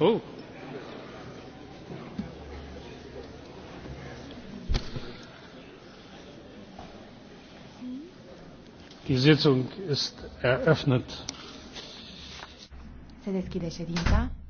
Oh. Die Sitzung ist eröffnet. Se deschide ședința.